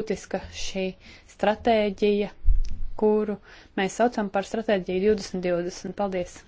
būtiska šī stratēģija, kuru mēs saucam par stratēģiju 2020. Paldies!